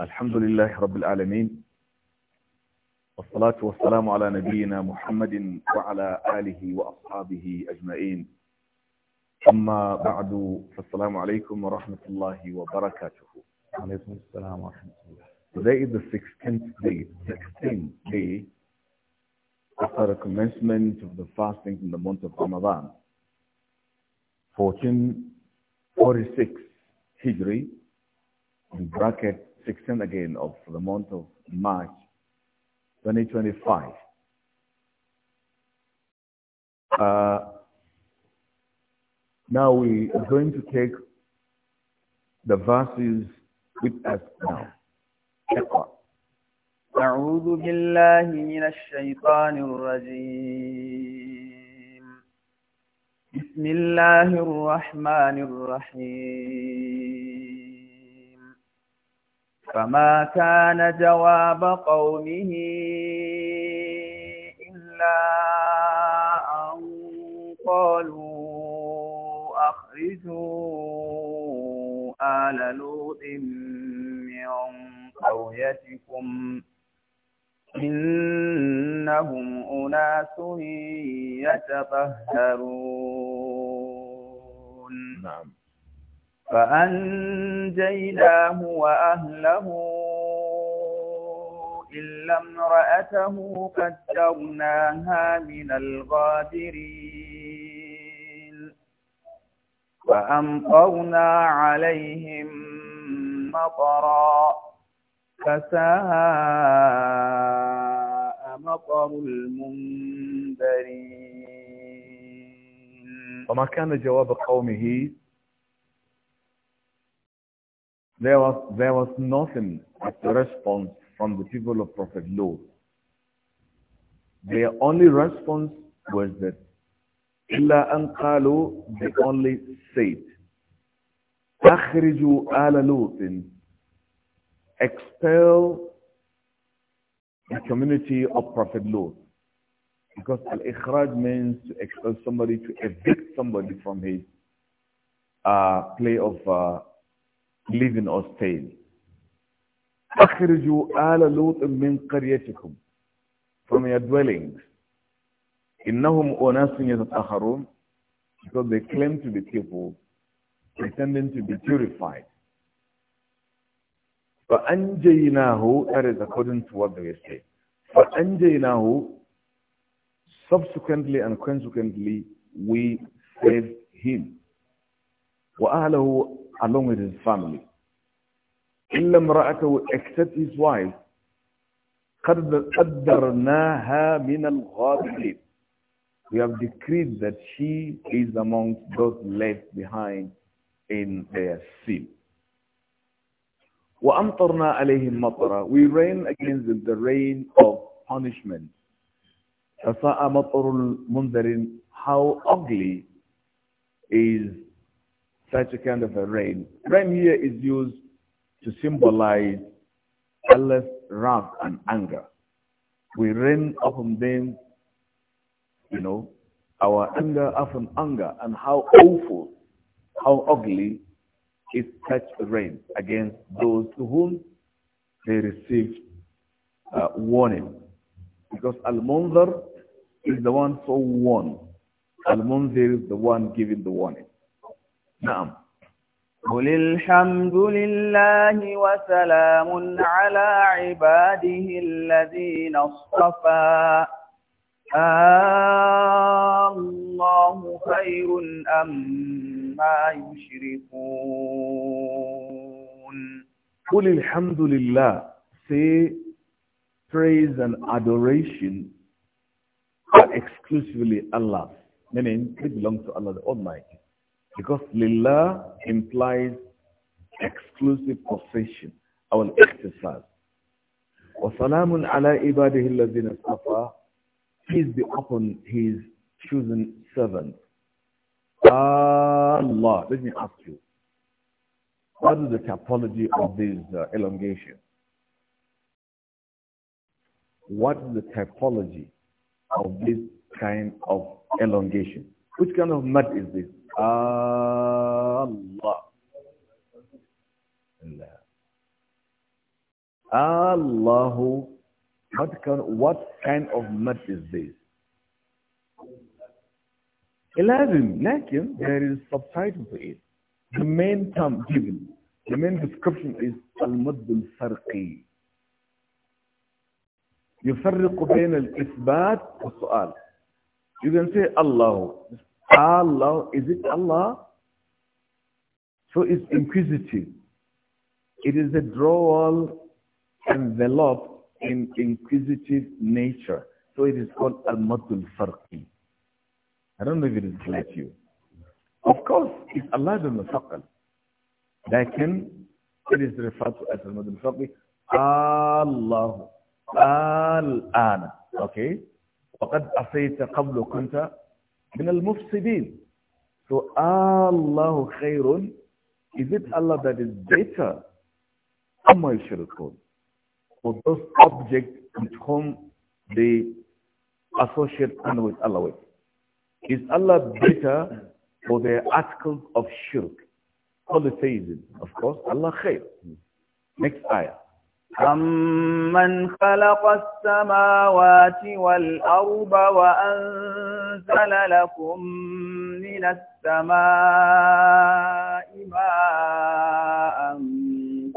الحمد لله رب العالمين والصلاة والسلام على نبينا محمد وعلى آله وأصحابه أجمعين أما بعد فالسلام عليكم ورحمة الله وبركاته عليكم السلام ورحمة الله Today is the 16th day, 16th day after the commencement of the fasting in the month of Ramadan. 1446 Hijri, in bracket 16 again of the month of March 2025. Uh, now we are going to take the verses with us now. أعوذ بالله من الشيطان الرجيم بسم الله الرحمن الرحيم فما كان جواب قومه إلا أن قالوا أخرجوا آل لوط من قريتكم إنهم أناس يتطهرون نعم فأنجيناه وأهله إلا امرأته قدرناها من الغادرين وأمطرنا عليهم مطرا فساء مطر المنذرين وما كان جواب قومه there was, there was nothing as a response from the people of Prophet Lot. Their only response was that Illa أن they only said أخرجوا آل لوط expel the community of Prophet Lot because al-ikhraj means to expel somebody to evict somebody from his uh, play of uh, living or staying. Ah. أخرجوا آل لوط من قريتكم from your dwellings. إنهم أناس يتطهرون because they claim to be people pretending to be purified. فَأَنْجَيْنَاهُ That is according to what they say. فَأَنْجَيْنَاهُ Subsequently and consequently, we saved him. وَأَهْلَهُ along with his family. إِلَّا امْرَأَتَهُ except his wife. قَدَّرْنَاهَا مِنَ We have decreed that she is amongst those left behind in their sin. وَأَمْطَرْنَا عَلَيْهِمْ مَطَرًا We rain against the rain of punishment. فَسَاءَ مَطَرُ الْمُنذَرِينَ How ugly is such a kind of a rain. Rain here is used to symbolize Allah's wrath and anger. We rain upon them, you know, our anger upon anger and how awful, how ugly is such rain against those to whom they received uh, warning. Because Al-Munzar is the one so warned. Al-Munzir is the one giving the warning. نعم قل الحمد لله وسلام على عباده الذين اصطفى الله خير أم ما يشركون قل الحمد لله say praise and adoration are exclusively Allah meaning it belongs to Allah the Almighty Because lillah implies exclusive possession, our exercise. وَسَلَامٌ عَلَىٰ إِبَادِهِ الَّذِينَ اصْطَفَىٰ Peace be upon his chosen servant. Allah, let me ask you, what is the typology of this uh, elongation? What is the typology of this kind of elongation? Which kind of mud is this? Allah. Allah. Allahu. What kind, what kind of mud is this? Eleven. Lakin, there is subtitle to it. The main term given, the main description is al-mud al-farqi. يفرق بين الإثبات والسؤال. You can say Allah. Allah, is it Allah? So it's inquisitive. It is a drawal enveloped in inquisitive nature. So it is called Al-Maddul Farqi. I don't know if it is clear to you. Of course, it's Allah bin Mufaqal. Lakin, it is referred to as Al-Maddul Farqi. Allah. Al-Ana. Okay? وقد أصيت قبل كنت من المفسدين So Allah khairun. Is it Allah that is better? أما الشركون For those objects with whom they associate and with Allah with. Is Allah better for their articles of shirk? Polytheism, of course. Allah khair. Next ayah. أَمَّنْ خَلَقَ السَّمَاوَاتِ وَالْأَرْضَ وَأَنْزَلَ أنزل لكم من السماء ماء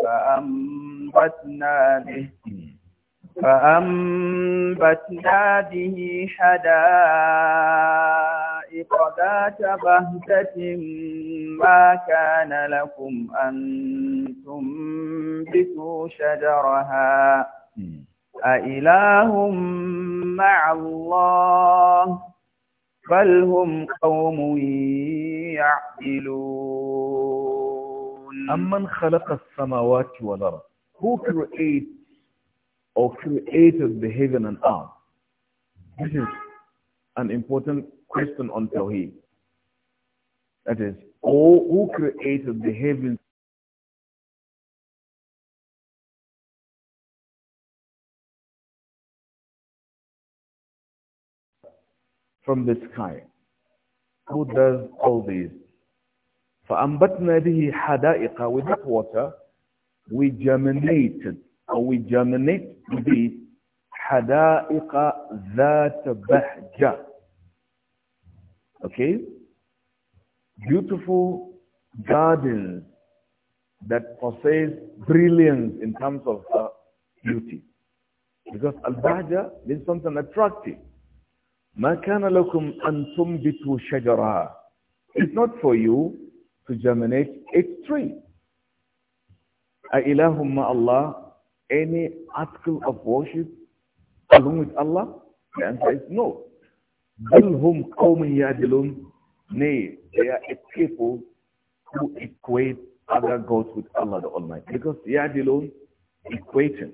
فأنبتنا به فأنبتنا به حدائق ذات بهجة ما كان لكم أن تنبتوا شجرها أإله مع الله بل هم قوم يعقلون أمن خلق السماوات والأرض Who creates or created the heaven and earth? This is an important question on Tawheed. That is, who created the heavens from the sky. Who does all these? فَأَنْبَتْنَا بِهِ حَدَائِقَ With that water, we germinated, or we germinate with حَدَائِقَ ذَاتَ بَهْجَةٍ Okay? Beautiful gardens that possess brilliance in terms of uh, beauty. Because al-bahja means something attractive. مَا كَانَ لَكُمْ أَن تُنْبِتُوا It's not for you to germinate a tree. أَإِلَهُمَّ Allah, Any article of worship along with Allah? The answer is no. بَلْ هُمْ قَوْمٍ يَعْدِلُونَ Nay, they are a people who equate other gods with Allah the Almighty. Because يَعْدِلُونَ equating.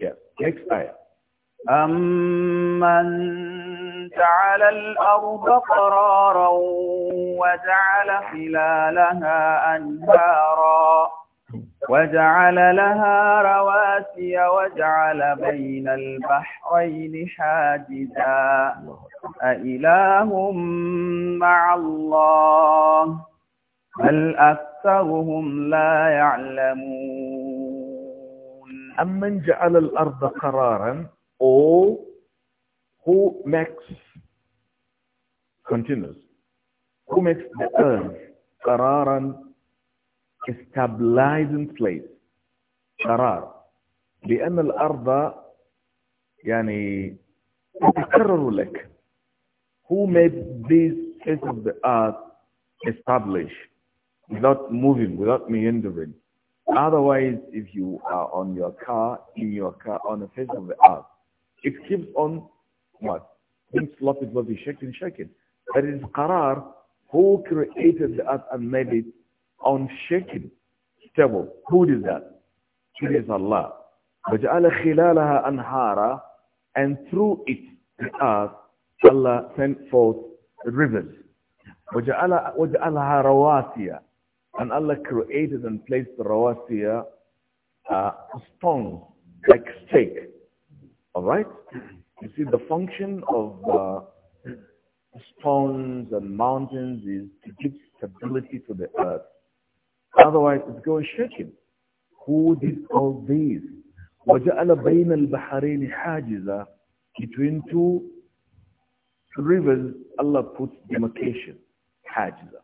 Yeah, next ayah. أَمَّنْ جعل الأرض قرارا وجعل خلالها أنهارا وجعل لها رواسي وجعل بين البحرين حاجزا أإله مع الله بل أكثرهم لا يعلمون أمن جعل الأرض قرارا أو who makes, continues, who makes the earth qararan, a stabilizing place. قرار لأن الأرض يعني تكرر لك who made this face of the earth establish without moving, without meandering. Otherwise, if you are on your car, in your car, on the face of the earth, it keeps on what? not it, love you, shaking, shaking. it's Qarar, who created the earth and made it unshaken, stable. Who did that? It is Allah. وَجَعَلَ خِلَالَهَا أَنْهَارًا And through it, the earth, Allah sent forth rivers. وَجَعَلَهَا رَوَاسِيَا And Allah created and placed the rawasiya, uh, stones, like stake. Alright? You see, the function of the uh, stones and mountains is to give stability to the earth. Otherwise, it's going shaking. Who did all these? وَجَعَلَ بَيْنَ الْبَحَرَيْنِ حَاجِزًا Between two rivers, Allah puts demarcation, حَاجِزًا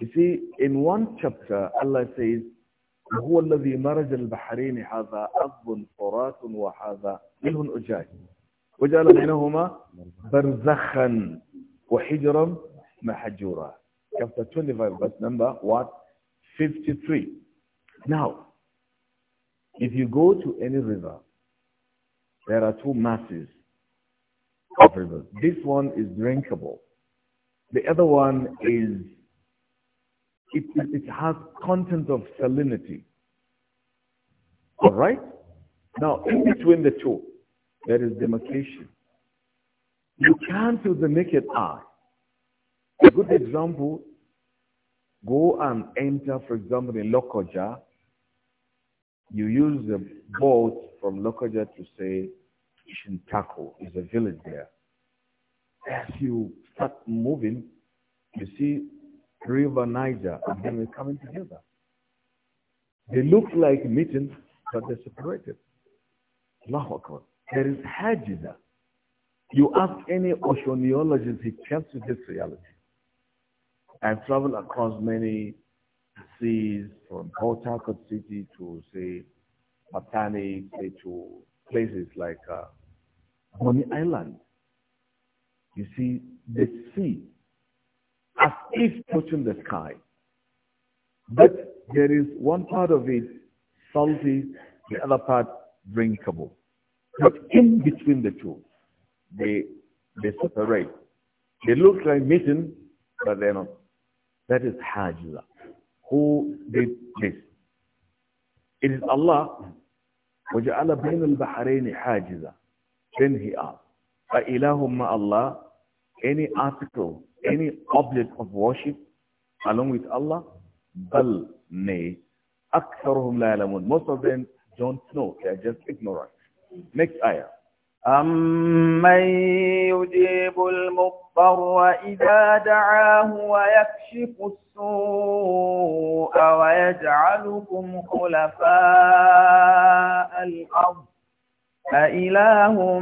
You see, in one chapter, Allah says, وَهُوَ الَّذِي مَرَجَ الْبَحَرَيْنِ هَذَا أَضْبٌ فُرَاتٌ وَهَذَا مِلْهٌ أُجَاجٌ وجعل بينهما برزخا وحجرا محجورا chapter 25 verse number what 53 now if you go to any river there are two masses of rivers this one is drinkable the other one is it, it, it has content of salinity all right now in between the two that is demarcation. You can't do the naked eye. A good example, go and enter, for example, in Lokoja. You use the boat from Lokoja to say Shintako is a village there. As you start moving, you see River Niger and them are coming together. They look like meeting, but they're separated. Allahu Akbar. There is Hajiza. You ask any oceanologist, he tells you this reality. I've traveled across many seas, from Port Harcourt City to, say, Patani, say, to places like uh, Bonny Island. You see, the sea as if touching the sky. But there is one part of it salty, the other part drinkable. But in between the two, they, they separate. They look like meeting, but they're not. That is Hajla. Who did this? It is Allah. وَجَعَلَ بَيْنَ الْبَحْرَيْنِ حَاجِزًا Then he asked, أَإِلَهُمَّ اللَّهِ Any article, any object of worship along with Allah? بَلْ may. أَكْثَرُهُمْ لَا Most of them don't know. They are just ignorant. Next ayah. أَمَّن يُجِيبُ الْمُضْطَرَّ إِذَا دَعَاهُ وَيَكْشِفُ السُّوءَ وَيَجْعَلُكُمْ خُلَفَاءَ الْأَرْضِ أَإِلَٰهٌ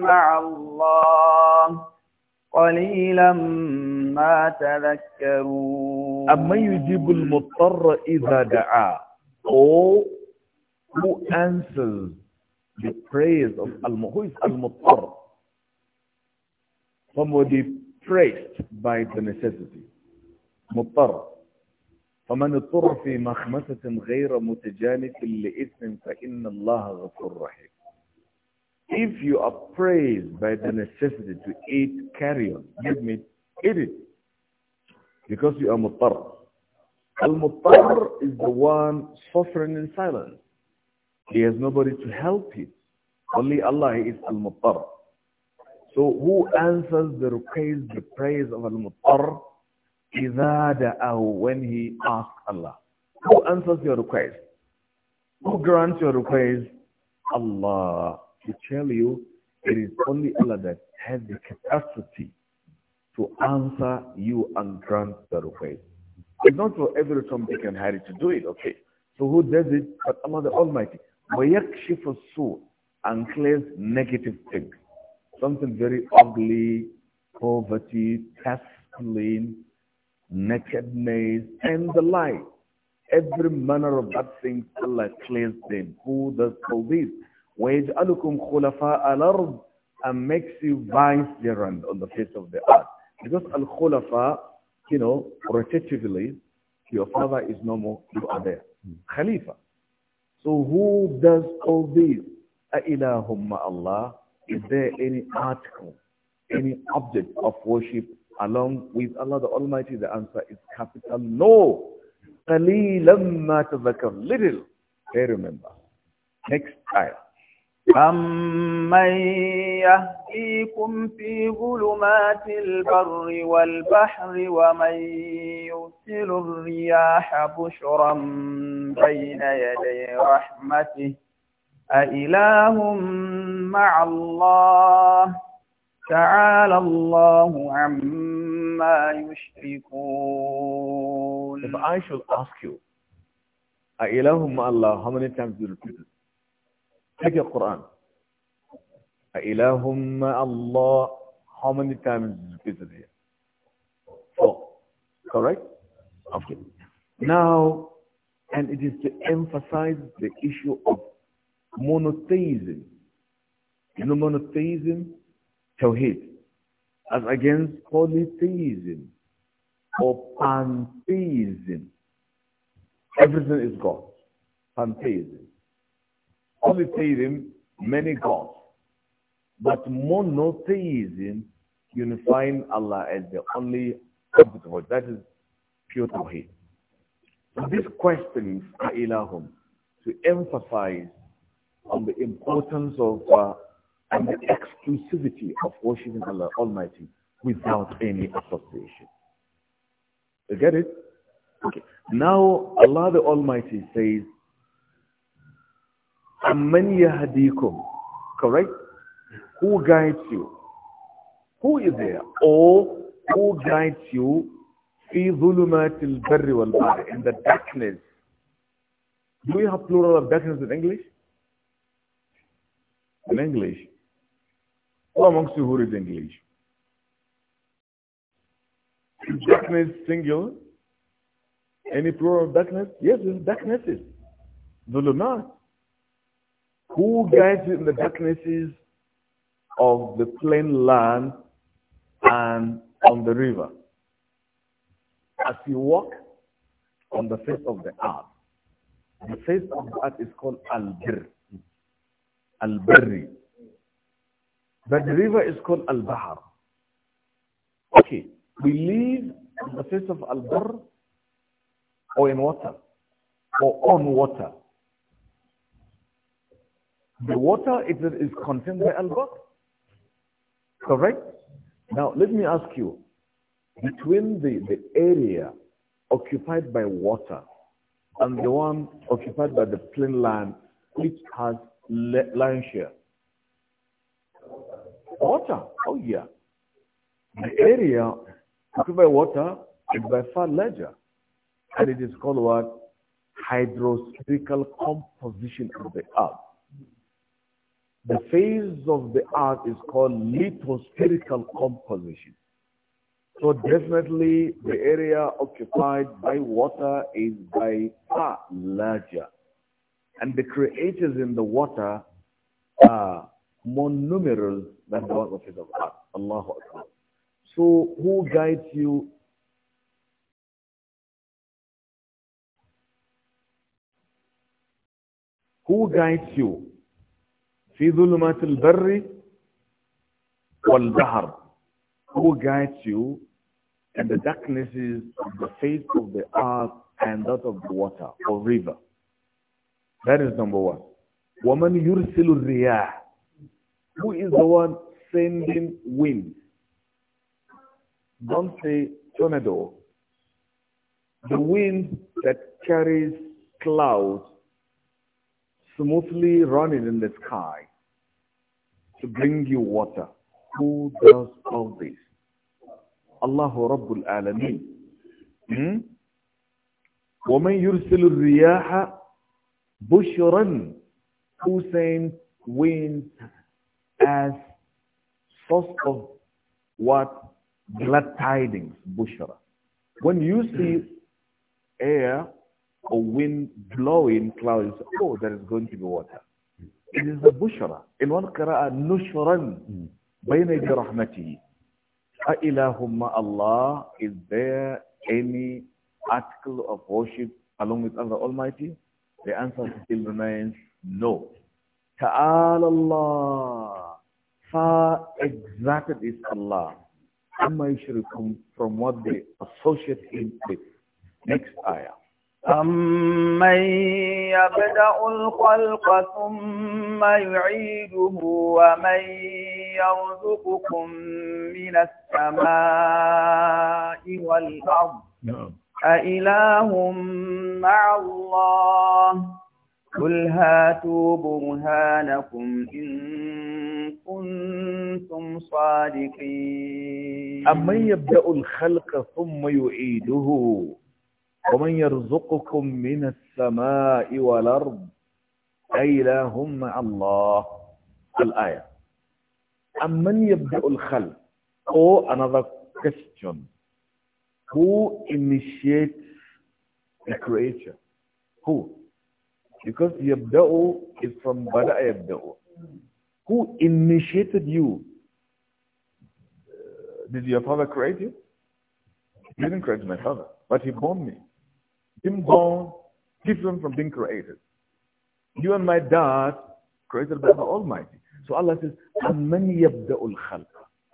مَّعَ اللَّهِ قَلِيلًا مَّا تَذَكَّرُونَ أَمَّن يُجِيبُ الْمُضْطَرَّ إِذَا دَعَاهُ oh, Who answers the praise of Al-Mu'tar. Who is Al-Mu'tar? Somebody praised by the necessity. مضطر فمن اضطر في مخمسة غير متجانف لإثم فإن الله غفور رحيم If you are praised by the necessity to eat carrion, give me, eat it. Because you are muttar. Al-muttar is the one suffering in silence. He has nobody to help him. Only Allah is Al-Muttar. So who answers the request, the praise of Al-Muttar? إِذَا دَعَهُ When he asks Allah. Who answers your request? Who grants your request? Allah. To tell you, it is only Allah that has the capacity to answer you and grant the request. It's not for every Tom, Dick, and Harry to do it, okay? So who does it but Allah the Almighty? وَيَكْشِفُ shifasu and clears negative things. Something very ugly, poverty, pestilence, nakedness, and the like. Every manner of bad things Allah clears them. Who does all this? وَيَجْعَلُكُمْ خُلَفَاءَ الْأَرْضِ and makes you vicegerent on the face of the earth. Because Al-Khulafa, you know, rotatively, your father is no more, you are there. Hmm. Khalifa. So who does all this? أَإِلَهُمَّ Allah. Is there any article, any object of worship along with Allah the Almighty? The answer is capital no. قَلِيلًا Little. Hey, remember. Next time. أَمَّن يَهْدِيكُمْ فِي ظُلُمَاتِ الْبَرِّ وَالْبَحْرِ وَمَن يُرْسِلُ الرِّيَاحَ بُشْرًا بَيْنَ يَدَيْ رَحْمَتِهِ أَإِلَٰهٌ مَّعَ اللَّهِ تعالى الله عما يشركون If I should ask you, أَإِلَهٌ مَّعَ اللَّهِ How many times do you repeat it? Take your Quran. إِلَهُمَّ Allah. How many times is it here? Four. Correct? Okay. Now, and it is to emphasize the issue of monotheism. You know monotheism? Tawheed. As against polytheism or pantheism. Everything is God. Pantheism. Polytheism, many gods. But monotheism, unifying Allah as the only comfortable. That is pure Tawheed. So these questions are ilahum to emphasize on the importance of uh, and the exclusivity of worshiping Allah Almighty without any association. You get it? Okay. Now Allah the Almighty says, Amman yahdikum. Correct? Who guides you? Who is there? Or who guides you في ظلمات barri والبحر in the darkness. Do we have plural of darkness in English? In English. Who amongst you who reads English? Is darkness singular? Any plural of darkness? Yes, it's darknesses. ظلمات who guides you in the darknesses of the plain land and on the river, as you walk on the face of the earth. The face of the earth is called Al-Bir, al But the river is called Al-Bahar. Okay, we live on the face of Al-Bir or in water or on water. The water is, contained by al Correct? Now, let me ask you, between the, the area occupied by water and the one occupied by the plain land, which has lion share? Water. Oh, yeah. The area occupied by water is by far larger. And it is called what? Hydrospherical composition of the earth. The phase of the earth is called lithospherical composition. So definitely the area occupied by water is by far larger. And the creatures in the water are more numerous than the of his earth. Allahu Akbar. So who guides you who guides you في ظلمات البر والبحر who guides you in the darknesses of the face of the earth and that of the water or river. That is number one. Woman yursilu riyah. Who is the one sending wind? Don't say tornado. The wind that carries clouds smoothly running in the sky to bring you water. Who does all this? Allahu Rabbul Alameen. Hmm? وَمَنْ يُرْسِلُ الرِّيَاحَ بُشْرًا Who sends winds as source of what? Glad tidings, bushra. When you see air or wind blowing clouds, oh, there is going to be water. It is a bushra. In one qira'ah, nushran bayna bi rahmatihi. A'ilahumma Allah, is there any article of worship along with Allah Almighty? The answer still remains no. Ta'ala Allah, far exalted is Allah. Amma yushrikun from what they associate him with. Next ayah. أَمَّن يَبْدَأُ الْخَلْقَ ثُمَّ يُعِيدُهُ وَمَن يَرْزُقُكُم مِّنَ السَّمَاءِ وَالْأَرْضِ نعم. أَإِلَٰهٌ مَّعَ اللَّهِ قُلْ هَاتُوا بُرْهَانَكُمْ إِن كُنتُمْ صَادِقِينَ أَمَّن يَبْدَأُ الْخَلْقَ ثُمَّ يُعِيدُهُ ومن يرزقكم من السماء والأرض أيلاهم مع الله الآية أمن يبدأ الخلق or another question who initiates the creature? who because يبدأ is from بدأ يبدأ who initiated you did your father create you? He didn't create my father, but he born me. inborn, different from being created. You and my dad, created by the Almighty. So Allah says, أَمَّنْ يَبْدَأُ الْخَلْقَ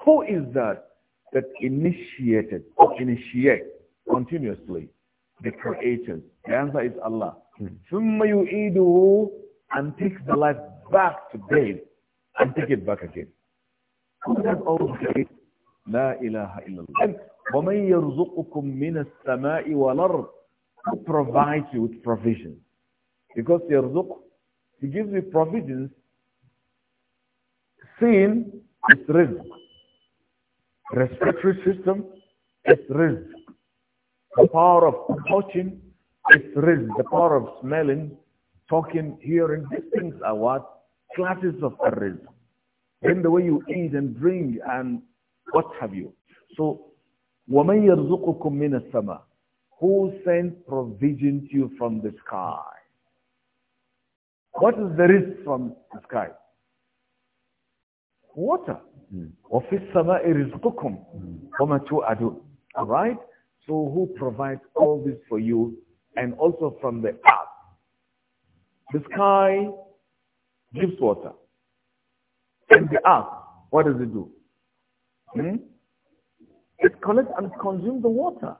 Who is that that initiated or continuously the creation? The answer is Allah. ثُمَّ hmm. يُعِيدُهُ And takes the life back to base and take it back again. Who does all the لا إله إلا الله ومن يرزقكم من السماء والأرض who provides you with provisions. Because Yarzuk, he gives you provisions. Sin is risk. Respiratory system is risk. The power of touching is risk. The power of smelling, talking, hearing, these things are what? Classes of risk. Then the way you eat and drink and what have you. So, وَمَنْ يَرْزُقُكُم مِّنَ السَّمَاءِ who sent provision to you from the sky. What is the risk from the sky? Water. وَفِي السَّمَاءِ رِزْقُكُمْ tu adu. All right? So who provides all this for you and also from the earth? The sky gives water. And the earth, what does it do? Hmm? It collects and consumes the water.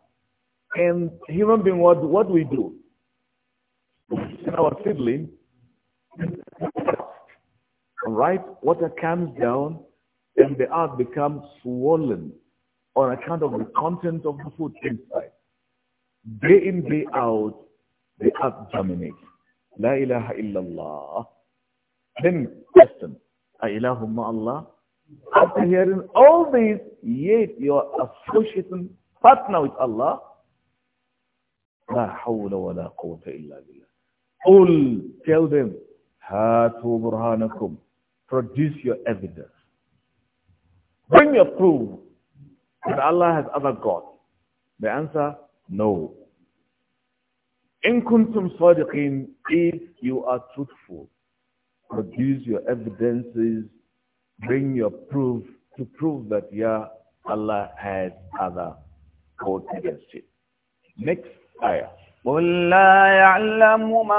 And human being, what, what we do? In our seedling, right, water comes down and the earth becomes swollen on account of the content of the food inside. Day in, day out, the earth germinates. La ilaha illallah. Then question, Ilahumma Allah. After hearing all this, yet you are associating partner with Allah, La hawla wa la quwwata illa billah. All tell them, Hatu burhanakum. Produce your evidence. Bring your proof that Allah has other gods. The answer, no. In kuntum sadiqin, if you are truthful, produce your evidences, bring your proof to prove that, yeah, Allah has other gods against it. Next آية قل لا يعلم من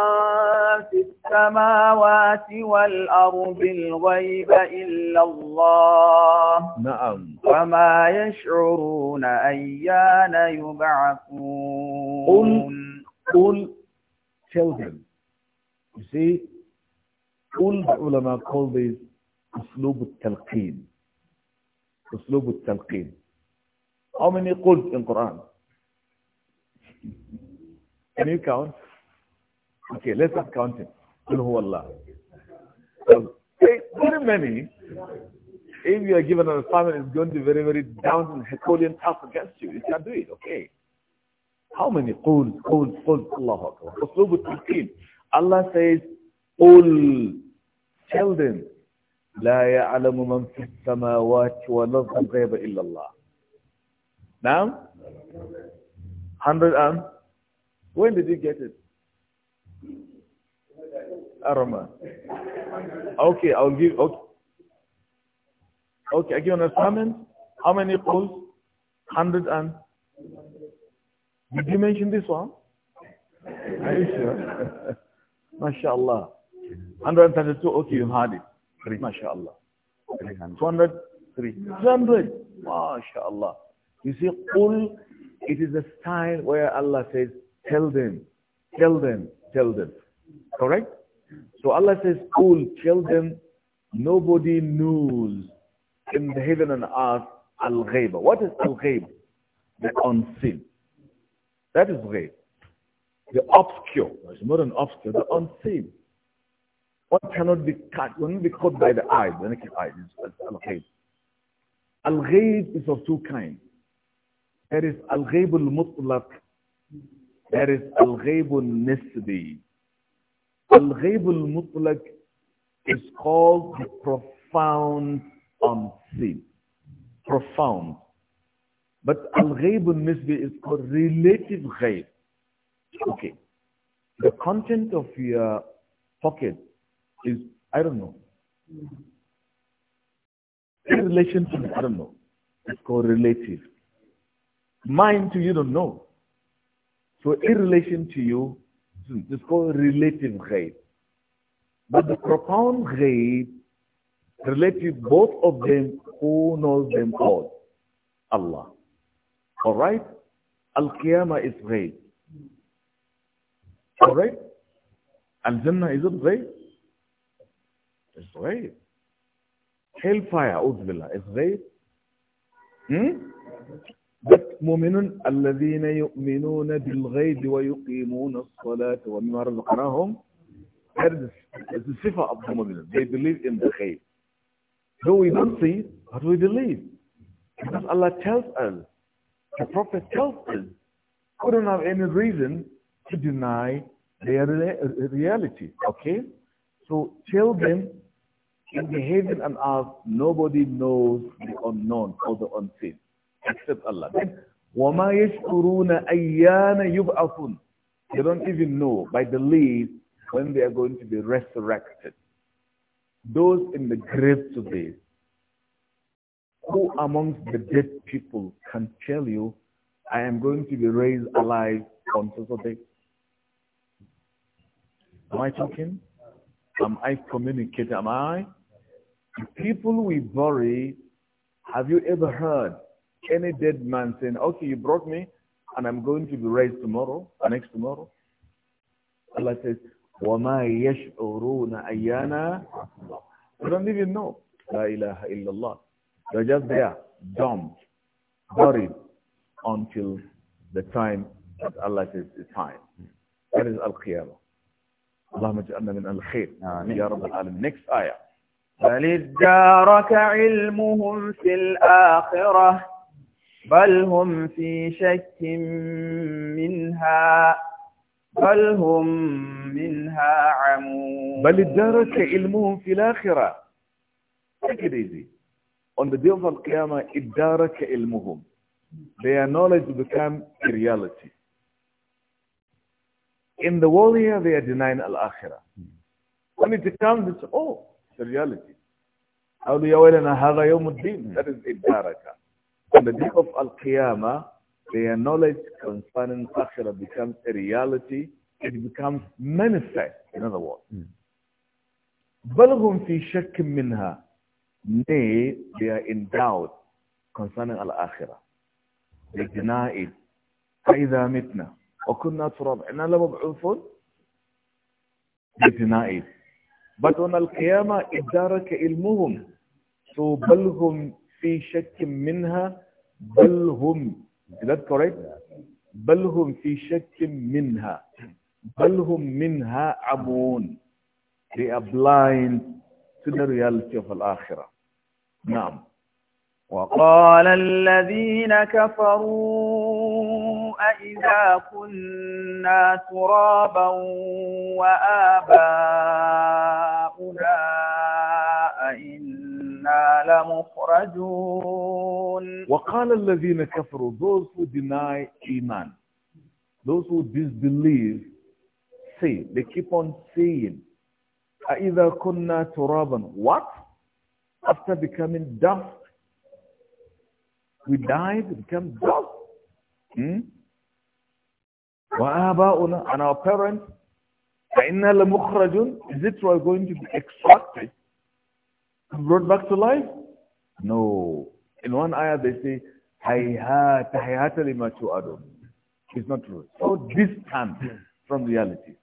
في السماوات والأرض الغيب إلا الله نعم وما يشعرون أيان يبعثون قل قل tell them you see all the ulama call this أسلوب التلقين أسلوب التلقين how many قلت in Quran Can you count? Okay, let's not count it. Allah. So, very many. If you are given an assignment, it's going to be very, very down and Herculean task against you. You can't do it, okay? How many Qul, qul, qul, Allahu Akbar. Uslub Allah says, Qul, tell them, لا يعلم من في السماوات والأرض ghayba illa Allah. Now, Hundred and? When did you get it? Aroma. Okay, I'll give, okay. Okay, I give an assignment. How many poles? Hundred and? Did you mention this one? Are you sure? MashaAllah. 132, okay, you've had it. Three. MashaAllah. 200? MashaAllah. You see, all. It is a sign where Allah says, tell them, tell them, tell them. Correct? So Allah says, "Cool, tell them, nobody knows in the heaven and earth al-ghayba. What is al-ghayb? The unseen. That is ghayb. The obscure. It's more than obscure, the unseen. What cannot be caught, cannot be caught by the eye, the naked eye. is al-ghayb. Al-ghayb is of two kinds. There is al-ghayb al-mutlaq. There ghayb al-ghayb al-nisbi. Al-ghayb al-mutlaq is called the profound unseen. Profound. But al-ghayb nisbi is called relative ghayb. Okay. The content of your pocket is, I don't know. In relation to, I don't know. It's called relative. Mine to you don't know. So in relation to you, it's called relative ghaib. But the profound ghaib relative both of them who knows them all. Allah. Alright? Al-Qiyamah is ghaib. Alright? Al-Jannah is it ghaib? It's ghaib. Hellfire, Uzbillah, is ghaib. Hmm? But mu'minun alladhina yu'minuna bil ghaybi wa yuqimuna as-salata wa mimma razaqnahum the sifa of the mu'minun. They believe in the ghayb. Though we don't see, but we believe. Because Allah tells us, the Prophet tells us, we don't have any reason to deny their reality. Okay? So tell them, in the heaven and earth, nobody knows the unknown or the unseen accept Allah. Then, وَمَا يَشْكُرُونَ أَيَّانَ يُبْعَثُونَ They don't even know by the lead when they are going to be resurrected. Those in the grave today, who amongst the dead people can tell you, I am going to be raised alive on Saturday? Am I talking? Am I communicating? Am I? The people we bury, have you ever heard any dead man saying, okay, you brought me and I'm going to be raised tomorrow or uh, next tomorrow. Allah says, وَمَا يَشْعُرُونَ أَيَّانَا They don't even know. La ilaha illallah. They're just there, dumb, buried until the time that Allah says it's time. That is Al-Qiyamah. اللهم اجعلنا من الخير يا رب العالمين next ayah بل ادارك علمهم في الآخرة بل هم في شك منها بل هم منها عمون بل ادارك علمهم في الآخرة Take it easy. On the day of Al-Qiyamah, ادارك علمهم. Their knowledge will become a reality. In the world here, they are denying Al-Akhirah. When it comes, it's, oh, it's a reality. أولي يا ويلنا هذا يوم الدين. That is ادارك. On the day of Al-Qiyamah, their knowledge concerning Akhirah becomes a reality. It becomes manifest, in other words. بَلْهُمْ فِي شَكٍ مِّنْهَا Nay, they are in doubt concerning Al-Akhirah. They deny it. فَإِذَا مِتْنَا وَكُنَّا تُرَبْعِنَا لَمَبْعُوثٌ They deny it. But on Al-Qiyamah, إِدَّارَكَ إِلْمُهُمْ So بَلْهُمْ في شك منها بل هم is that correct بل هم في شك منها بل هم منها عبون they are blind to the reality of الآخرة نعم وقال الذين كفروا أئذا كنا ترابا وآباؤنا لمخرجون وقال الذين كفروا those who deny iman those who disbelieve say they keep on saying أَإِذَا كُنَّا تُرَابًا what after becoming dust we died become dust hmm? وآباؤنا and our parents فإنا لمخرجون is it we are going to be extracted and brought back to life No. In one ayah they say, Hayhata, hayhata lima Adon. It's not true. So distant from reality.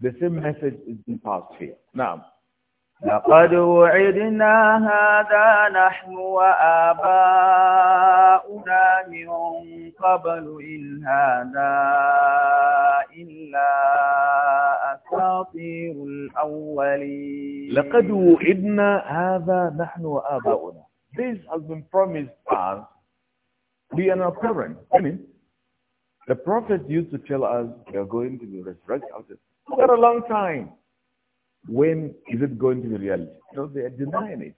The same message is being passed here. Now, لقد وعدنا هذا نحن وآباؤنا من قبل إن هذا إلا أساطير الأولين لقد وعدنا هذا نحن وآباؤنا This has been promised us we are not parent. I mean, the prophets used to tell us we are going to be resurrected for a long time. When is it going to be reality? No, they are denying it.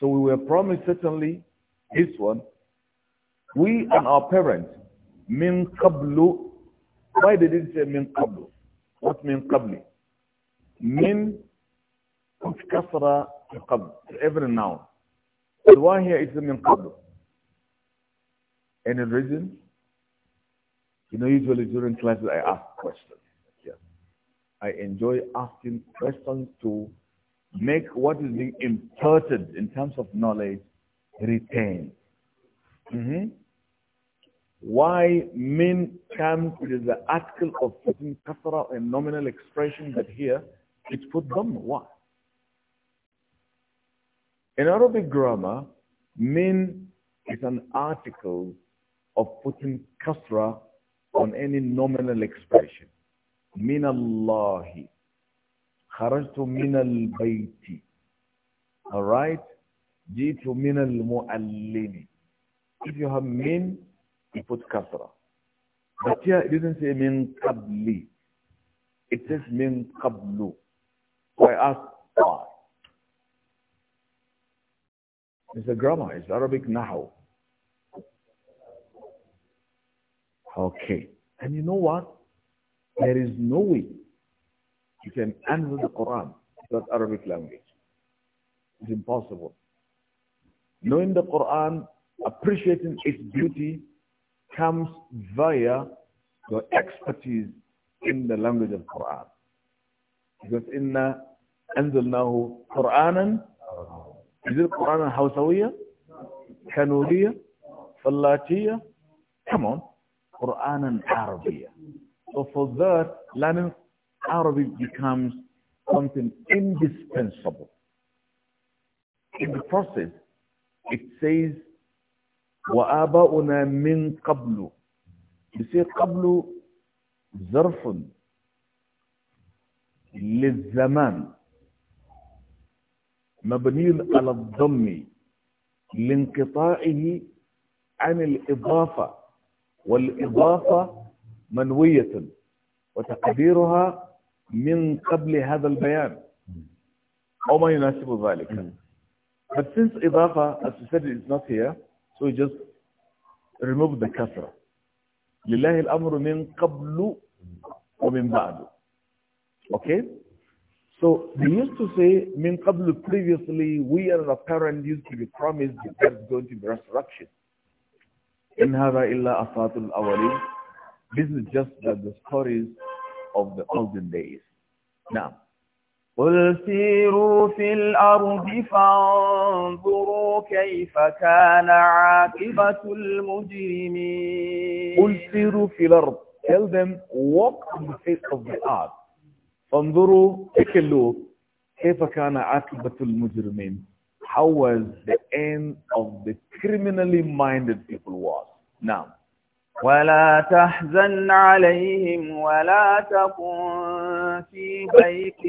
So we were promised certainly this one. We and our parents, min kablu. Why did it say min kablu? What min kabli? Min kasra kabl. Every noun. The one here is min qablu. Any reason? You know, usually during classes I ask questions. I enjoy asking questions to make what is being imparted in terms of knowledge retained. Mm -hmm. Why min comes It is the article of putting kasra a nominal expression, but here it's put dhamma. Why? In Arabic grammar, min is an article of putting kasra on any nominal expression. Min Allahi. Kharajtu min al-bayti. All right? Jitu min al-muallimi. If you have min, you put kasra. But here it doesn't say min qabli. It says min qablu. So I ask, why? It's the grammar. It's Arabic now. Okay. And you know what? There is no way you can answer the Quran without Arabic language. It's impossible. Knowing the Quran, appreciating its beauty, comes via your expertise in the language of Quran. Because inna anzalnahu Quran, يدير القرآن حوسوية كانورية فلاتية كمون قرآن عربية So for that, learning Arabic becomes something indispensable. In the process, it says, وَآبَاؤُنَا مِنْ قَبْلُ You see, قَبْلُ ظرف للزمان مبني على الضم لانقطاعه عن الإضافة والإضافة منوية وتقديرها من قبل هذا البيان أو ما يناسب ذلك But since إضافة as we said is not here so we just remove the كسرة لله الأمر من قبل ومن بعد Okay So they used to say, Min Qablu, previously we and our parents used to be promised that there's going to be resurrection. In Hada illa asatul awali. This is just the stories of the olden days. Now, قل سيروا في الأرض فانظروا كيف كان عاقبة المجرمين قل سيروا في الأرض Tell them, walk on the face of the earth. Unzuru, take a look. How was the end of the criminally minded people was? Now. ولا تحزن عليهم ولا تكن في ضيق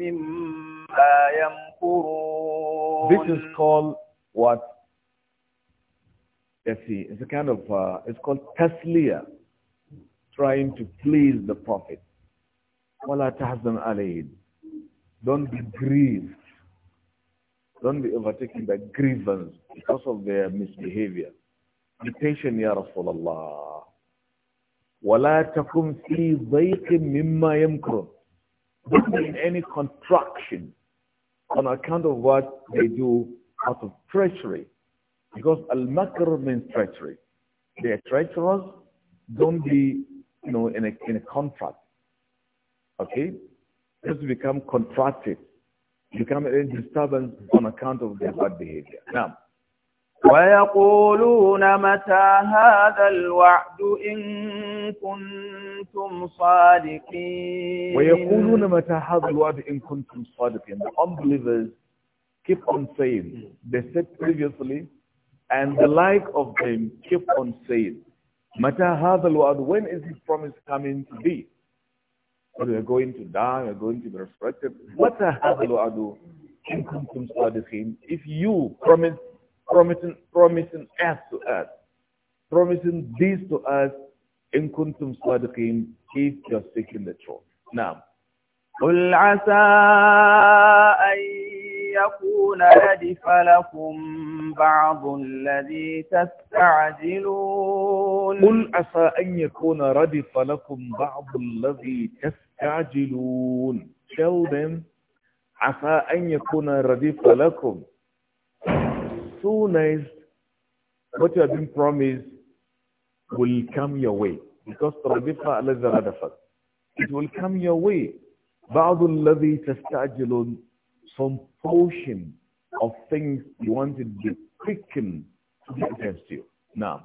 مما يمكرون This is called what? Let's see, it's a kind of, uh, it's called tasliya, trying to please the Prophet. وَلَا عليهم. عَلَيْهِ Don't be grieved. Don't be overtaken by grievance because of their misbehavior. Be patient, Ya Rasulullah. وَلَا تَكُمْ فِي ضَيْقٍ مِمَّا يَمْكُرُونَ Don't be in any contraction on account of what they do out of treachery. Because al-makr means treachery. They are treacherous. Don't be, you know, in a, in a contract okay, just become contracted, become a disturbance on account of their bad behavior. Now, ويقولون متى هذا الوعد إن كنتم صادقين ويقولون متى هذا الوعد إن كنتم صادقين The unbelievers keep on saying they said previously and the like of them keep on saying متى هذا الوعد when is this promise coming to be or you're going to die, you're going to be resurrected. What a adu in kuntum sadiqin. If you promise, promising, promising us to us, promising this to us in kuntum sadiqin, if you're speaking the truth. Now, قل عسى أن يكون ردف لكم بعض الذي تستعجلون قل عسى أن يكون ردف لكم بعض الذي تستعجلون تعجلون tell them عسى أن يكون رديف لكم so nice what you have been promised will come your way because رديف الذي ردفت it will come your way بعض الذي تستعجلون some portion of things you want to be quickened to be against you Now.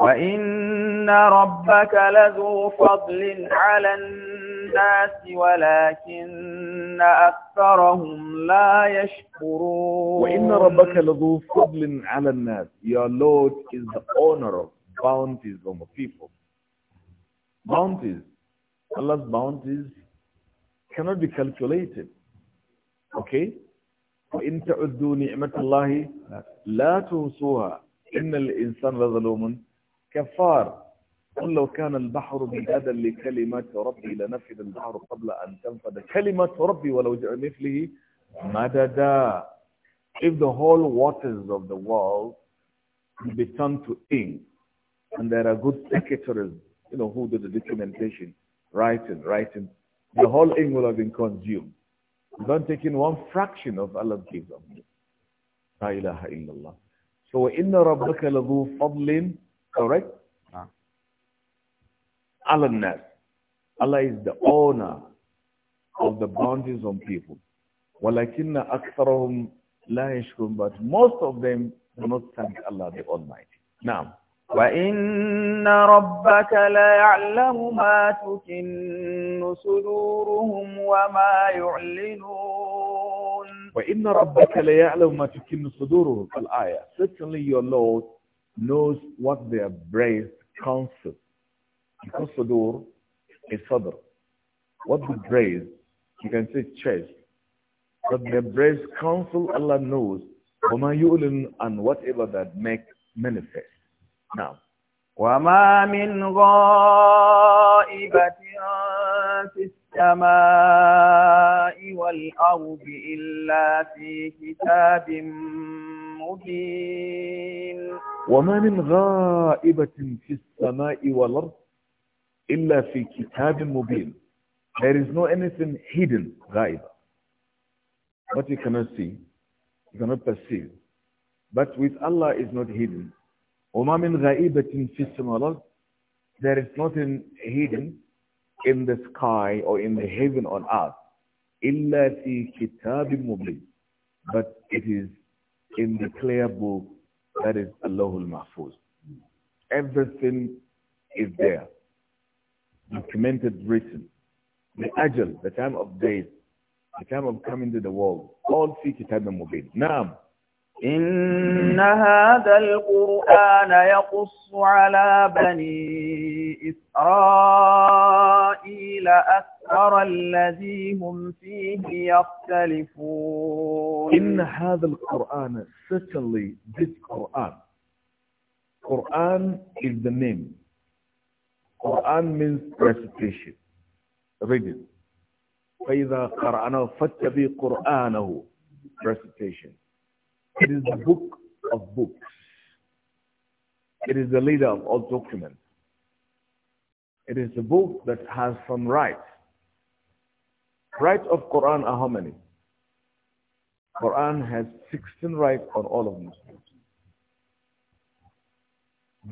وإن ربك لذو فضل على الناس الناس ولكن أكثرهم لا يشكرون وإن ربك لذو فضل على الناس Your Lord is the owner of bounties on the people. Bounties. Allah's bounties cannot be calculated. Okay? وإن تعدوا نعمة الله لا تنسوها إن الإنسان لظلوم كفار قل لو كان البحر مدادا ربي لنفذ البحر قبل أن تنفذ ربي ولو مثله مددا If the whole waters of the world be turned to ink, and there are good secretaries, you know, who do the documentation, writing, writing, the whole ink will have been consumed. You don't take in one fraction of Allah's gift of La ilaha illallah. So, innā رَبَّكَ لَذُو فَضْلٍ Correct? Al-Nas. Allah is the owner of the bounties on people. وَلَكِنَّ أَكْثَرَهُمْ لَا يَشْكُرُونَ But most of them do not thank Allah the Almighty. Now, وَإِنَّ رَبَّكَ لَيَعْلَمُ مَا تُكِنُّ صُدُورُهُمْ وَمَا يُعْلِنُونَ وَإِنَّ رَبَّكَ لَيَعْلَمُ مَا تُكِنُّ صُدُورُهُمْ Al-ayah. Certainly your Lord knows what their breast consists because door is sadr. What the brace? You can say chest. But the brace counsel Allah knows. وَمَا يُؤْلِنْ And whatever that makes manifest. Now. وَمَا مِنْ غَائِبَةٍ فِي السَّمَاءِ وَالْأَرْضِ إِلَّا فِي كِتَابٍ مُبِينٍ وَمَا مِنْ غَائِبَةٍ فِي السَّمَاءِ وَالْأَرْضِ there is no anything hidden, غائب. What you cannot see, you cannot perceive. But with Allah is not hidden. وَمَا مِنْ غَائِبَةٍ فِي السَّمَوَاتِ There is nothing hidden in the sky or in the heaven on earth. إِلَّا فِي كِتَابٍ مُبِينٍ But it is in the clear book that is Allahul Mahfuz. Everything is there documented written, the ajal, the time of death, the time of coming to the world, all في كتاب مبين. نعم. إن هذا القرآن يقص على بني إسرائيل أكثر الذي هم فيه يختلفون إن هذا Quran, certainly this Quran Quran is the name Quran means recitation, reading. فَإِذَا قَرْأَنَهُ فَاتَّبِي قُرْآنَهُ Recitation. It is the book of books. It is the leader of all documents. It is the book that has some rights. Rights of Quran are how many? Quran has 16 rights on all of Muslims.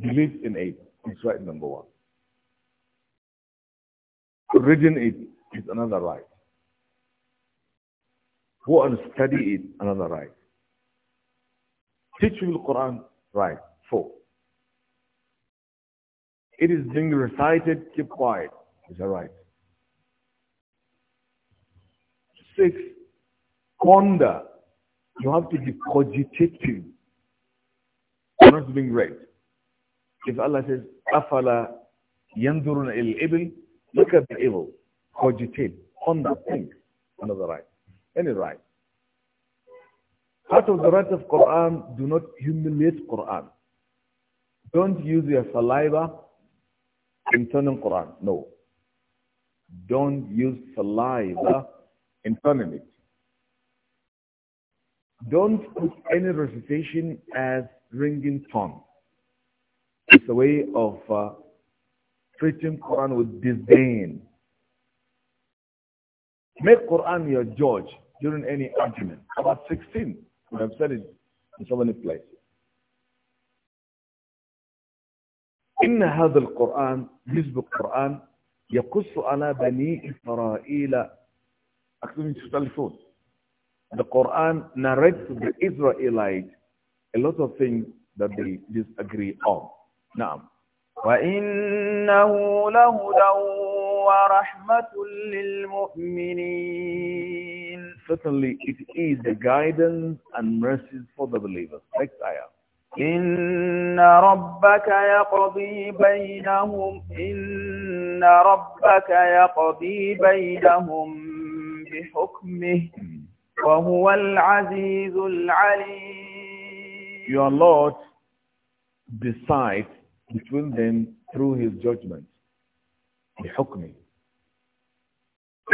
Believe in it. It's right number one. Reading it is another right. Go and study it, another right. Teach you the Quran, right. Four. It is being recited, keep quiet. Is that right? Six, ponder. You have to be cogitative. You're not being read. If Allah says, أَفَلَا يَنْظُرُونَ إِلَى الْإِبِلِ Look at the evil. Cogitate. Ponder. Think. Another right. Any right. Part of the right of Quran, do not humiliate Quran. Don't use your saliva in turning Quran. No. Don't use saliva in turning it. Don't put any recitation as ringing tone. It's a way of uh, treating Quran with disdain. Make Quran your judge during any argument. About 16, we have said it in so many places. إن هذا القرآن حزب القرآن يقص على بني إسرائيل The Quran narrates to the Israelites a lot of things that they disagree on. Now, وإنه لهدى ورحمة للمؤمنين Certainly it is the guidance and mercies for the believers. Next ayah. إن ربك يقضي بينهم إن ربك يقضي بينهم بحكمه وهو العزيز العليم Your Lord decides between them through his judgment. بحكمه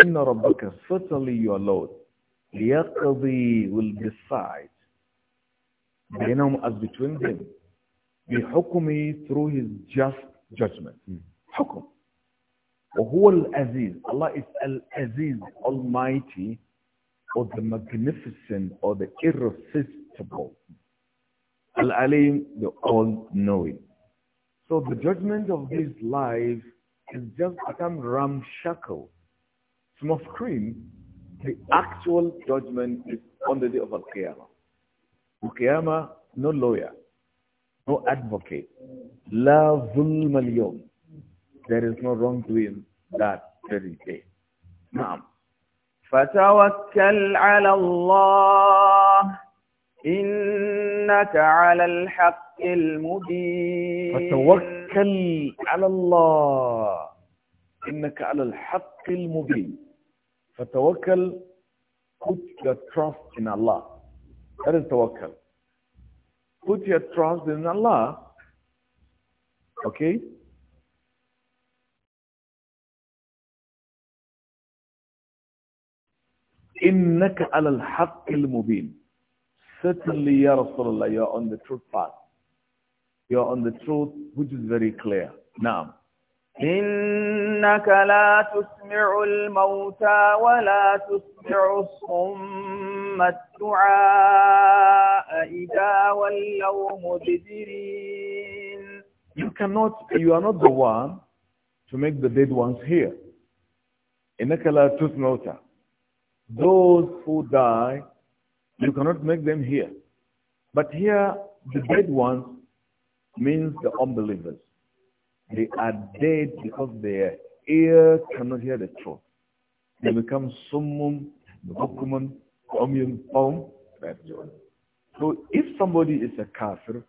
إن ربك certainly your Lord يقضي will decide بينهم as between them بحكمه through his just judgment hmm. حكم وهو العزيز Allah is العزيز almighty or the magnificent or the irresistible العليم the all knowing so the judgment of his life has just become ramshackle. It's not screen. The actual judgment is on the day of Al-Qiyamah. Al-Qiyamah, no lawyer, no advocate. La zulm al There is no wrongdoing that very day. Now, فتوكل على الله إن إنك على الحق المبين فتوكل على الله إنك على الحق المبين فتوكل put your trust in Allah that is توكل put your trust in Allah okay إنك على الحق المبين Certainly, Ya Rasulullah, you are on the truth path. You are on the truth which is very clear. Now. إنك لا تسمع الموتى ولا تسمع الصم الدعاء إذا ولوا مدبرين You cannot, you are not the one to make the dead ones hear. إنك لا Those who die you cannot make them hear. But here, the dead ones means the unbelievers. They are dead because their ear cannot hear the truth. They become summum, bukumum, omyum, om. So if somebody is a kafir,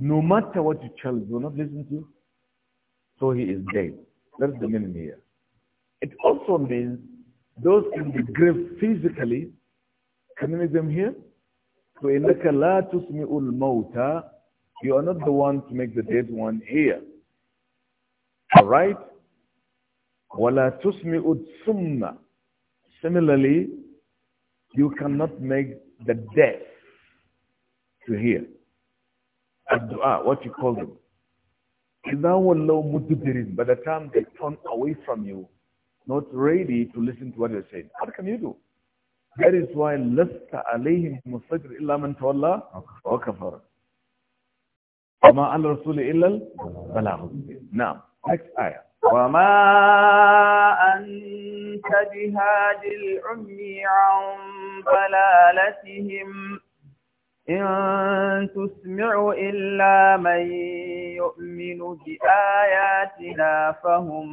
no matter what you tell, he will not listen to you. So he is dead. That's the meaning here. It also means those in the grave physically can you So إِنَّكَ لَا You are not the one to make the dead one hear. Alright? وَلَا تُسْمِعُ Similarly, you cannot make the deaf to hear. dua what you call them. إِذَا وَلَّوْ مُدْبِرِينَ By the time they turn away from you, not ready to listen to what you're saying, what can you do? That is why لست عليهم مستقر إلا من تولى وكفر وما على الرسول إلا البلاغ نعم next آية وما أنت بهاد العمي عن ضلالتهم إن تسمع إلا من يؤمن بآياتنا فهم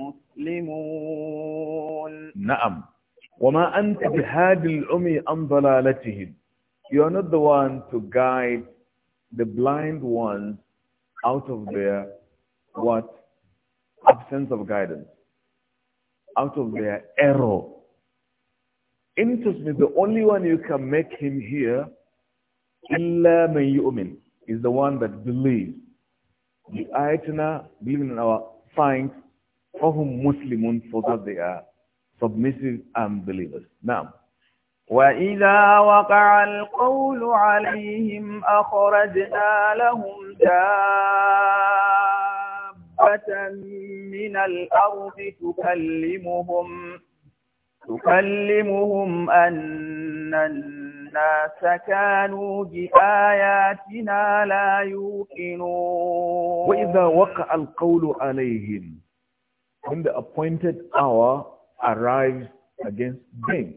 مسلمون نعم وَمَا أَنْتَ بِهَادِ الْعُمِي ضَلَالَتِهِمْ You are not the one to guide the blind ones out of their what? Absence of guidance. Out of their error. Interests me, the only one you can make him hear, إِلَّا مَنْ يُؤْمِنُ is the one that believes. The ayatana believing in our signs, whom Muslims, For that they are submissive unbelievers. Now, وَإِذَا وَقَعَ الْقَوْلُ عَلَيْهِمْ أَخْرَجْنَا لَهُمْ دَابَّةً مِنَ الْأَرْضِ تُكَلِّمُهُمْ تُكَلِّمُهُمْ أَنَّ النَّاسَ كَانُوا بِآيَاتِنَا لَا يُوقِنُونَ وَإِذَا وَقَعَ الْقَوْلُ عَلَيْهِمْ When the appointed hour arise against them.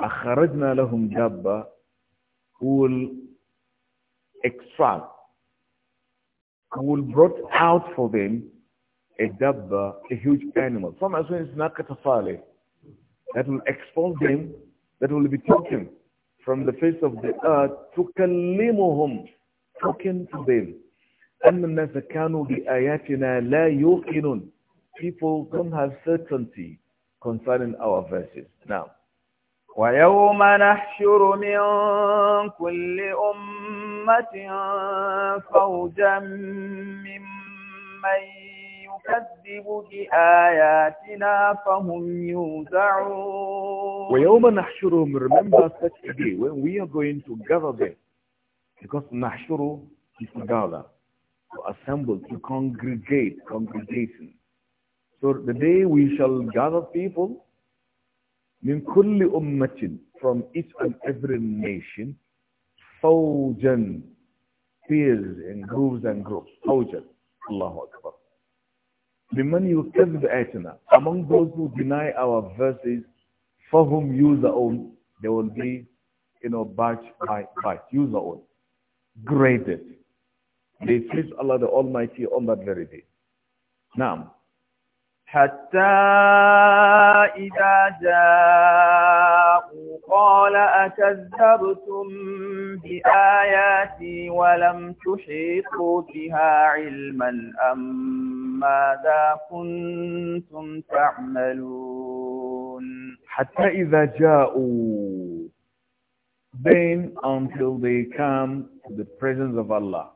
أخرجنا لهم دابة who will extract, who will brought out for them a dabba, a huge animal. Some as well as nakatafale, that will expose them, that will be taken from the face of the earth to kalimuhum, talking to them. أن الناس كانوا بآياتنا لا يوقنون people don't have certainty concerning our verses. Now, ويوم نحشر من كل أمة فوجا ممن يكذب بآياتنا فهم يوزعون ويوم نحشرهم remember such a day when we are going to gather them because نحشر is to gather to assemble to congregate congregation so the day we shall gather people, min kulli ummatin, from each and every nation, fawjan, peers and groups and groups, fawjan, Allahu Akbar. لمن يكذب آياتنا among those who deny our verses for whom their own, they will be you know batch by batch own. graded they face Allah the Almighty on that very day Now. حتى إذا جاءوا قال أكذبتم بآياتي ولم تحيطوا بها علما أم ماذا كنتم تعملون حتى إذا جاءوا then until they come to the presence of Allah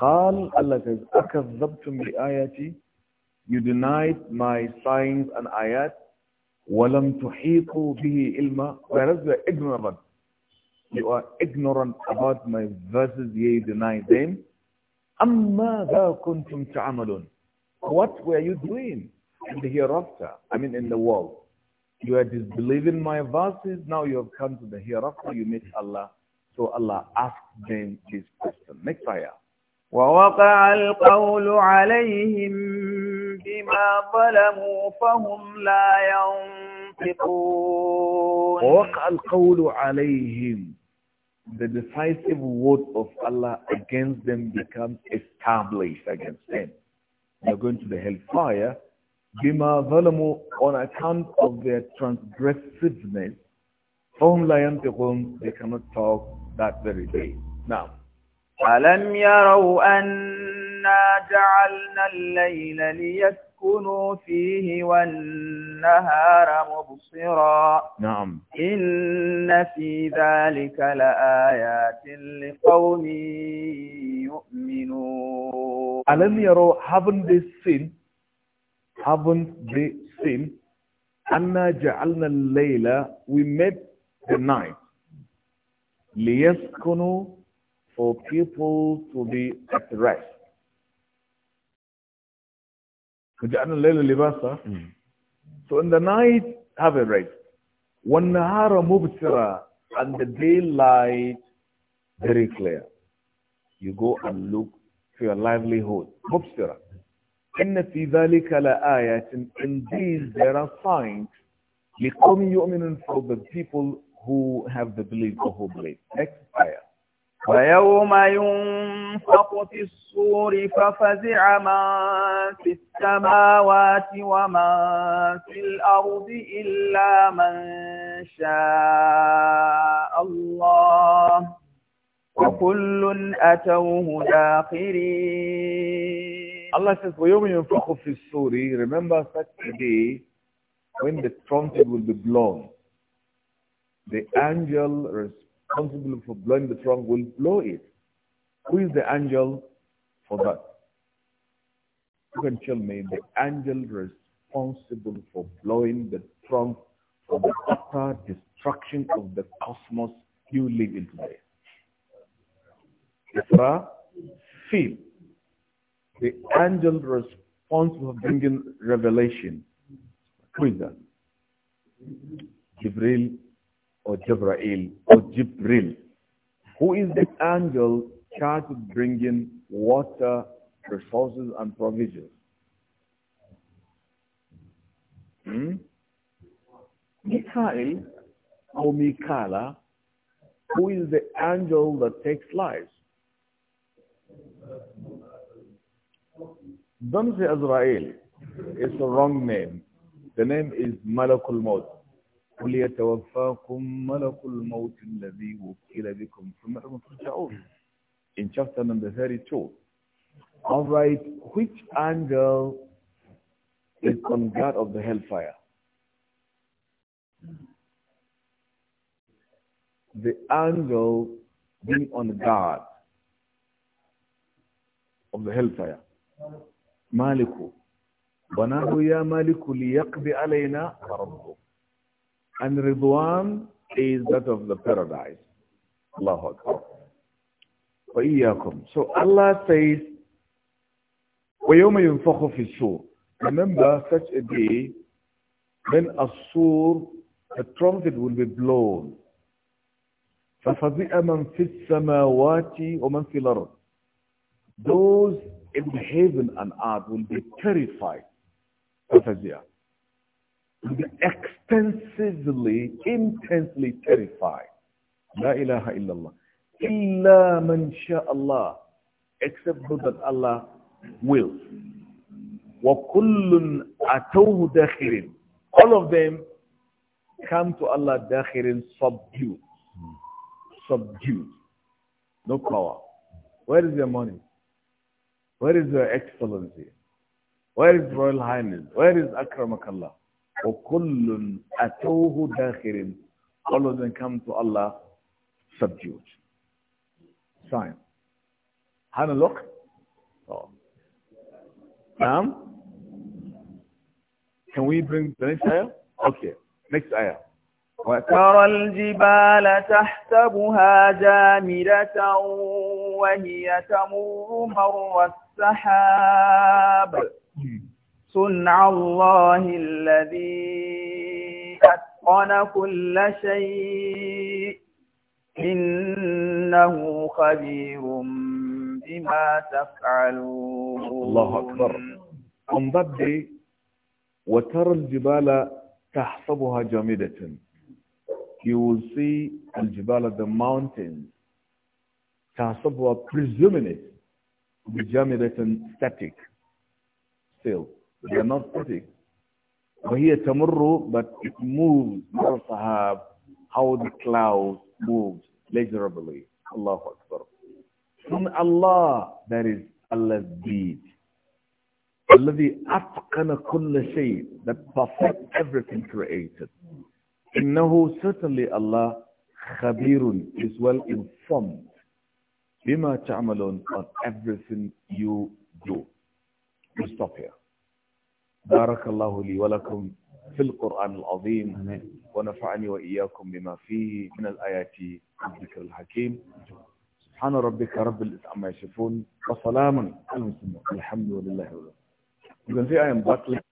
قال الله أكذبتم بآياتي You denied my signs and ayat. وَلَمْ تُحِيطُوا بِهِ إِلْمًا Whereas you are ignorant about You are ignorant about my verses, You deny them. أَمَّا ذَا كُنْتُمْ تَعَمَلُونَ What were you doing in the hereafter? I mean in the world. You are disbelieving my verses. Now you have come to the hereafter. You meet Allah. So Allah asked them this question. Next ayah. وَوَقَعَ الْقَوْلُ عَلَيْهِمْ بما ظلموا فهم لا ينطقون ووقع القول عليهم The decisive word of Allah against them becomes established against them. They're going to the hellfire. Bima ظلموا on account of their transgressiveness. فهم لا ينطقون They cannot talk that very day. Now. ألم يروا أن إنا جعلنا الليل ليسكنوا فيه والنهار مبصرا نعم إن في ذلك لآيات لقوم يؤمنون ألم يروا haven't they seen haven't they seen أنا جعلنا الليل we made the night ليسكنوا for people to be at rest So in the night, have a rest. وَالنَّهَارَ مُبْصِرًا And the daylight, very clear. You go and look for your livelihood. مُبْصِرًا إِنَّ فِي ذَلِكَ ayat. In these there are signs لِقَوْمِ يُؤْمِنُونَ for the people who have the belief or who believe. Next ayah. ويوم ينفق في الصور ففزع من في السماوات ومن في الأرض إلا من شاء الله وكل أتوه داخرين الله says, وَيَوْمَ يُنْفَقُ فِي الصُّورِ Remember such a day when the trumpet will be blown. The angel responds responsible for blowing the trunk will blow it. Who is the angel for that? You can tell me the angel responsible for blowing the trunk for the utter destruction of the cosmos you live in today. Isra, Phil. The angel responsible for bringing revelation. Who is that? Jibril or Jibrail or Jibril, who is the angel charged with bringing water, resources, and provisions. Hmm? Mikhail or Mikala, who is the angel that takes lives. Don't say Azrael. It's the wrong name. The name is Malakul قل يتوفاكم ملك الموت الذي وكل بكم ثم ترجعون in chapter number 32. All right, which angel is on guard of the hellfire? The angel being on guard of the hellfire. Maliku. banahu ya maliku ليقضي alayna ربك And Ridwan is that of the paradise. Allahu Akbar. So Allah says, وَيَوْمَ يُنْفَخُ فِي السُّورِ Remember such a day when a sur, a trumpet will be blown. فَفَزِئَ مَنْ فِي السَّمَاوَاتِ وَمَنْ فِي الْأَرْضِ Those in heaven and earth will be terrified. فَفَزِئَ extensively, intensely terrified. La ilaha illallah. Illa man Allah. Except that Allah wills. وَكُلٌّ أَتَوْهُ دَاخِرٍ All of them come to Allah dakhirin, subdued. Subdued. No power. Where is your money? Where is your excellency? Where is Royal Highness? Where is Akramakallah? وكل أتوه داخل all of them come to Allah subdued sign have a look oh. um, can we bring the next ayah okay next ayah وترى الجبال تحسبها جامدة وهي تمر مر السحاب صنع الله الذي أتقن كل شيء إنه خبير بما تفعلون الله أكبر انضد وترى الجبال تحسبها جامدة You will see الجبال the mountains تحسبها presuming it بجامدة static still They are not static. here تَمُرُّ But it moves, sahab, how the cloud moves pleasurably. Allahu Akbar. From Allah, that is Allah's deed. Allah أتقن كل شيء that perfect everything created. إنه certainly Allah خبير is well informed Bima تعملون on everything you do. We stop here. بارك الله لي ولكم في القرآن العظيم ونفعني وإياكم بما فيه من الآيات والذكر الحكيم سبحان ربك رب العزة عما يصفون وسلام على المسلمين الحمد لله رب العالمين. في آية say